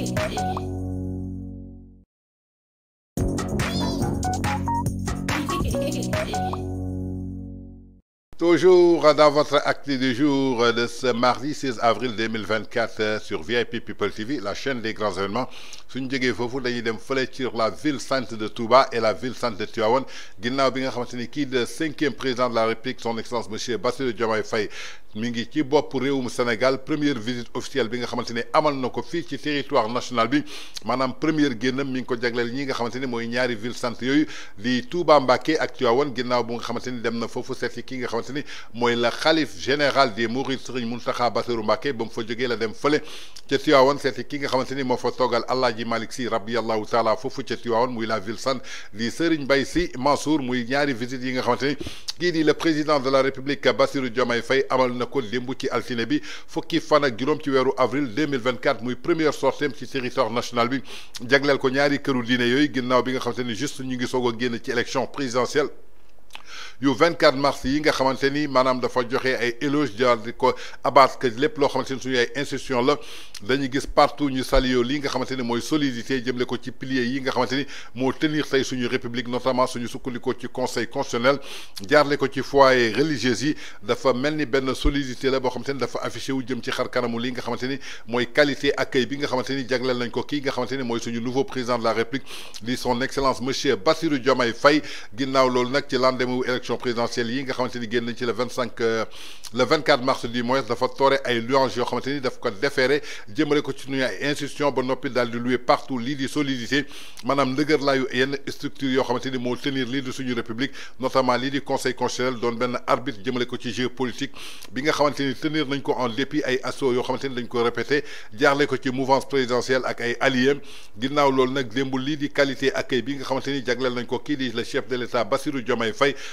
Thank you. Toujours dans votre acte du jour de ce mardi 16 avril 2024 euh, sur VIP People TV, la chaîne des grands événements suñu jógee foofu dañuy dem sur la ville sainte de Touba et la ville sainte de Tivaouane ginnaaw bi nga cinquième président de la République son excellence monsieur Bassirou Diomaye Faye Mingi ci bopp Sénégal première visite officielle bi nga xamante amal nako fi ci territoire national bi manam première génnam mi ngi ko jagleel ñi nga ñaari ville sainte yoyu li Touba Mbacké ak Tivaouane Kamatini bu nga xamante dem na ki nga moi ni la khalif général des mourid Serigne moustapha Bassirou Mbacké bam fa jógee la dem fele ci Tivaouane c'est ki nga mo fa togal Allah, toogal malik si Rabbi Allah, taala fofu ci la ville sainte li Serigne si Mansour muy ñaari visite yi nga ni le président de la République Bassirou diomay fay amal Nako ko démb ci altine bi fukki fan ak juróom ci wéru avril 2024 première sortie ci territoire national bi Konyari ko ñaari keuru diine yoy ginnaaw bi nga xamanteni juste ñu ngi sogo ci élection présidentielle yu 24 mars yi nga xamante ni maanaam dafa joxe ay éloge jaar di ko abaat que lépp loo xamante ni suñu ay institution la dañuy gis partout ñu salio li nga xamante ni mooy solidité jëmle ko ci pilier yi nga xamante ni moo tenir tey suñu république notamment suñu sukkandikoo ci conseil constitutionnel jaarle ko ci foyer religieux yi dafa mel ni benn solidité la boo xamante ni dafa affiché wu jëm ci xar kanamu li nga xamante ni mooy qualité accueil bi nga xamante ni jagleel nañ ko kii nga xamante ni mooy suñu nouveau président de la république di son excellence monsieur Bassirou Diomaye Faye ginnaaw loolu nag ci lendemain élection présidentielle yi nga xamanteni génn ci le 25 euh, le 24 mars du mois dafa toré ay louanges yo xamanteni daf ko déféré jëmale ko ci nuyu ay institution ba nopi dal di loué partout li di solidité maanaam ndëgër laayu yenn structure yo xamanteni mo tenir li di suñu république notamment li di conseil constitutionnel don ben arbitre jëmale ko ci géopolitique politique bi nga xamanteni tenir nañ ko en dépit ay assauts yo xamanteni dañ ko répété jaarle ko ci mouvance présidentielle ak ay alliés ginnaw lool nak dembu li di qualité accueil bi nga xamanteni ni nañ ko kii di le chef de l'état Bassirou Diomaye Faye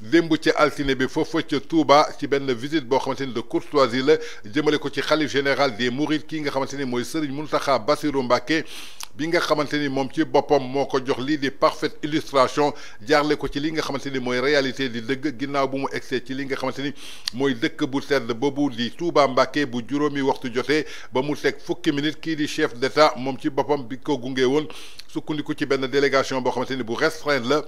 dembu ci altiné bi fofu ci Touba ci benn visite bo xamante ni de courtoisie la jëmale ko ci khalife général des Mourides ki nga xamante moy mooy Serigne Mountakha Bassirou Mbacké bi nga xamante mom ci bopam moko jox li di parfaite illustration jaarle ko ci li nga xamante moy réalité di dëgg ginnaw bu mu egsee ci li nga xamante moy mooy dëkk bu tedd bobu di Touba Mbacké bu juróomi waxtu jotee ba mu tek fukki minute ki di chef d'état Mom ci bopam bi ko gunge woon sukkandiku ci benn délégation bo xamante bu restreint la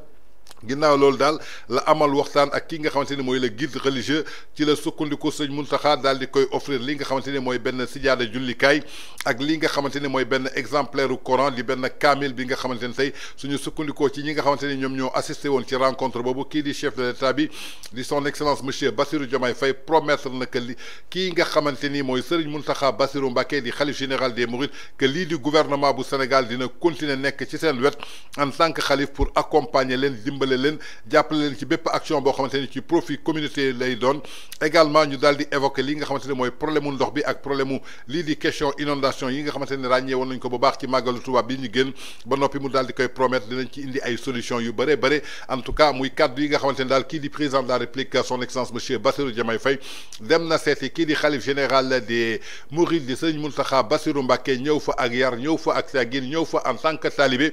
ginnaw lol dal la amal waxtan ak ki nga xamanteni moy le guide religieux ci le sukkandiku sëñ Muntaxa dal di koy offrir li nga xamanteni moy ben benn sijaada jullikaay ak li nga xamanteni moy ben exemplaire u Coran li ben kamil bi nga xamanteni ni suñu sukkandikoo ci ñi nga xamanteni ñom ñoo assisté won ci rencontre bobu ki di chef de l'état bi di son excellence monsieur Bassirou Diomaye fay promettre na que li ki nga xamanteni moy mooy sëriñ Muntaxa Bassirou Mbacké di khalife général des Mourides que li di gouvernement bu Sénégal dina continuer nek ci sen wet en tant que xalif pour accompagner len dimbale leen l'équipe ci bép action bo xamante du ci profit communauté lay doon également ñu daldi évoquer li nga xamante moy problème mu ndox bi ak problème li di question inondation yi nga xamante ne won nañ ko bu baax ci màggalu touba bi ñu gën ba nopi mu daldi koy promettre dinañ ci indi ay solution yu bare bare en tout cas muy cadre yi nga xamante dal ki di président de la république son excellence monsieur Bassirou Diamay Faye dem na séti ki di xalif général de mouride de sëñ moustapha Bassirou Mbacké ñëw fa ak yar ñëw fa ak teggin ñëw fa en tant que talibé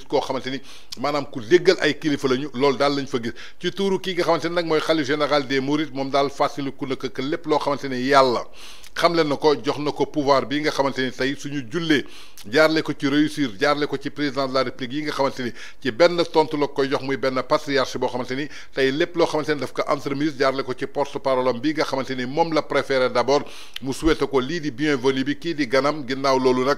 gis koo xamante ni ku déggal ay kilifa lañu lol dal lañ fa gis ci tuuru ki nga xamanteni nak moy khalif xalif général des mourides mom dal fàttaliku na que ke lepp lo xamanteni yalla xam leen ko jox na ko pouvoir bi nga xamanteni tay suñu jullee jaarle ko ci réussir jaarle ko ci président de la république yi nga xamanteni ci benn tontu la koy jox muy benn patriarche boo xamanteni tay tey lépp loo xamante daf ko entremise jaarle ko ci porte parole am bi nga xamanteni ni moom la préféré d'abord mu souhaité ko lii di bienvenu bi kii di ganam ginnaaw loolu nag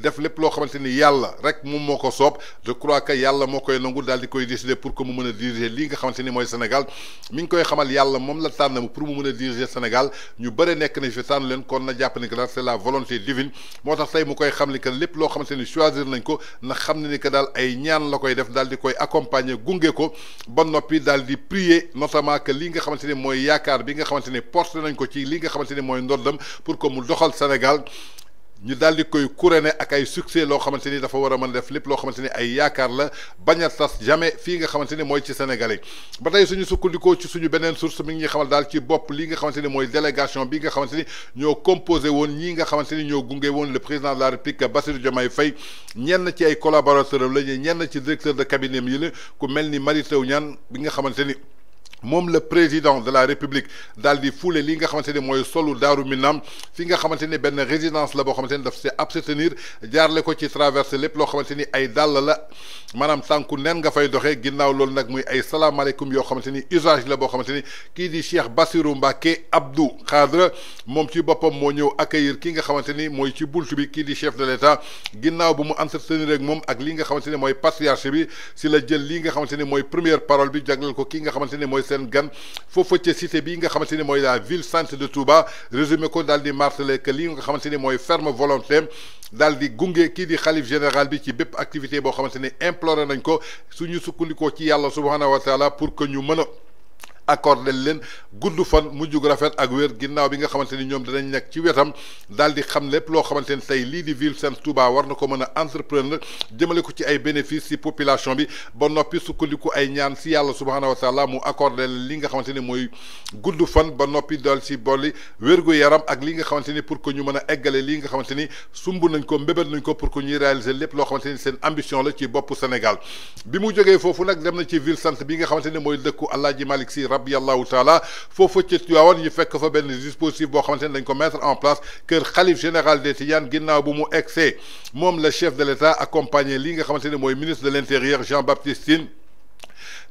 def lepp lo xamanteni ni rek moom moko sop je crois que yalla moo koy dal daal di koy décider pour que mu mën diriger li nga xamanteni moy Sénégal mi ngi koy xamal yalla mom la tànn pour mu mën diriger Sénégal ñu bëre nek nañ fi tànn len kon na japp ni que c'est la volonté divine motax tax mu koy xam ni que lepp lo xamanteni choisir nañ ko na xam ne ni que dal ay ñaan la koy def dal di koy accompagner gungé ko ba nopi dal di prier notamment que li nga xamanteni moy mooy bi nga xamanteni porte nañ ko ci li nga xamanteni moy mooy pour que mu doxal Sénégal ñu daal di koy couronné ak ay succès lo xamanteni dafa wara a def lepp lo xamanteni ay yaakaar la bañ a jamais fi nga xamanteni moy ci sénégalais batay suñu sukkuliko ci suñu benen source mi nga xamal dal ci bop li nga xamanteni moy délégation bi nga xamanteni ño composé won ñi nga xamanteni ño gungé won le président de la république Bassirou Diomaye fay ñen ci ay collaborateurs la ñen ci directeur de cabinet yi le ku melni ni Mary Teuw bi nga xamanteni mom le président de la république daldi foulé li nga xamanténi moy mooy daru minam fi nga xamanténi ben résidence la bo xamanténi daf ci abstenir jaarle ko ci traverser lepp lo xamanténi ay dal la manam tànku nen nga fay doxé ginnaw lol nak muy ay salam yoo yo xamanténi usage la bo xamanténi ki di Cheikh Bassirou Mbacké Abdou khadra mom ci bopam mo ñëw accueillir ki nga xamanténi moy ci bunt bi ki di chef de l'état ginnaw bu mu entretenir ak mom ak li nga xamanténi moy patriarche bi si la jël li nga xamanténi moy première parole bi jagleel ko ki nga xamanténi moy sen gan foofa ca cité bi nga xamante moy la ville sainte de Touba résumé ko daal di martelé que li nga xamante moy ferme volonté daldi di gunge kii di khalif général bi ci bép activité bo xamante ni imploré nañ ko suñu sukkandikoo ci Yalla subhanahu wa taala pour que ñu mëna accordé leen gudd fan mujj rafet ak wér ginnaaw bi nga xamante ni ñoom danañ nekk ci wetam dal di xam lépp loo xamante ni tey lii di ville Sainte Touba war na ko mën a entreprendre jëmale ko ci ay bénéfices si population bi ba noppi sukkandiku ay ñaan si yàlla subhaanahu wa taala mu accordé li nga xamante ni mooy gudd fan ba noppi dal si bolli wérgu yaram ak li nga xamante ni pour que ñu mën a eggale li nga xamante ni sumb nañ ko mbébét nañ ko pour que ñuy réaliser lépp loo xamante ni seen ambition la ci bopp Sénégal bi mu jógee foofu nag dem na bi nga xamante ni mooy dëkku Alaaji Malick rabiyallahu taala foofa ci Tiwaawan ñu fekk fa ben dispositif bo xamantene dañ ko mettre en place keur khalife général des Tidianes ginnaw bu mu excé mom le chef de l'État accompagné li nga xamantene moy ministre de l'Intérieur Jean-Baptiste Tine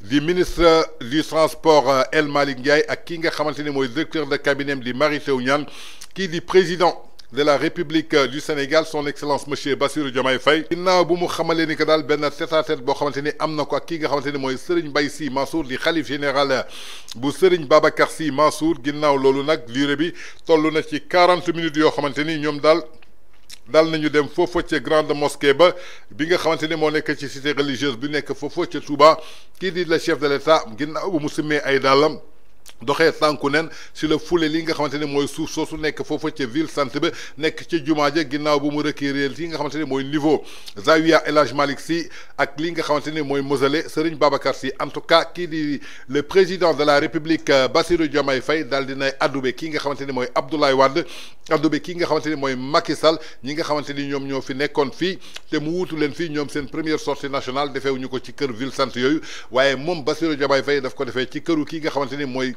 di ministre du transport euh, El Malik Ndiaye ak ki nga xamantene moy directeur de cabinet di Mary Teuw Niane kii di président de la République du Sénégal son excellence monsieur Bassirou Diomaye Faye ginnaaw bu mu xamalee ni que ben benn tête à tête boo ko ak Serigne Mansour di xalif général bu Serigne Babacar Sy Mansour ginnaaw loolu nag durée bi na ci quarante minutes de xamante ni dal dal nañu dem fofu ci grande mosquée ba bi nga xamanteni mo nek ci cité religieuse bi nek fofu ci Touba ki di le chef de l'État, ginnaw bu mu ay doxee tànku nen si le foulé li nga xamante moy mooy suuf soosu nekk foofa ca ville sante be nek ci djumaaje ginnaw bu mu requérir li nga xamante moy niveau Zawiya elage Hadj Malick Sy ak li nga xamante moy mooy Serigne Babacar Sy en tout cas ki di le président de la République euh, Bassirou Diomaye Faye dal dina adoubé ki nga xamante moy Abdoulaye Wade adoubé ki nga xamante moy Macky Sall ñi nga xamante ñom ñoo fi nekkoon fi té mu wuutu leen fii ñoom seen première sortie nationale defeewuñu ko ci kër ville sante yoyu waaye mom Bassirou Diomaye Faye daf ko défé ci këru ki nga xamante moy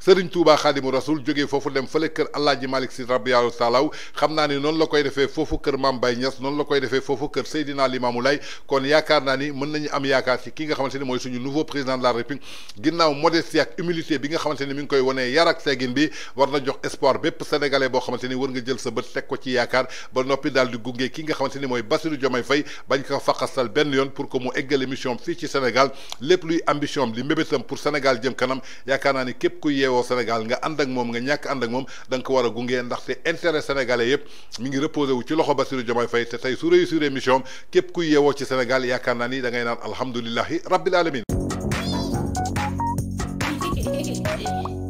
serigne Touba xaadimu rasul jógee fofu dem fële kër Alaaji malik si rabiyallahu salaw xamna ni non la koy defee fofu keur Maam Baye Niass non la koy defee fofu keur Seydina Limamou Laye kon yaakaar naa ni mën nañu am yaakaar ci ki nga xamanteni moy suñu nouveau président de la République ginnaw modestie ak humilité bi nga xamanteni mi ngi koy woné yar ak seegin bi war na jox espoir bép sénégalais bo xamanteni ni war nga jël sa bët tek ko ci yaakaar ba nopi daal di gunge ki nga xamanteni moy mooy Bassirou fay bañ ko faqasal ben yoon pour que mu eggale mission fi ci Sénégal lépp luy ambition am li mbébétam pour Sénégal jëm kanam yaakaar naa ni képp képp ku yeewoo Sénégal nga ànd ak moom nga ñàkk ànd ak moom da ko war a gunge ndaxte intérêt sénégalais yëpp mi ngi reposé wu ci loxo Bassirou Diomaye Faye te tey su réussir émission képp ku yeewoo ci Sénégal yaakaar naa ni da naan alhamdulilahi rabbil alamin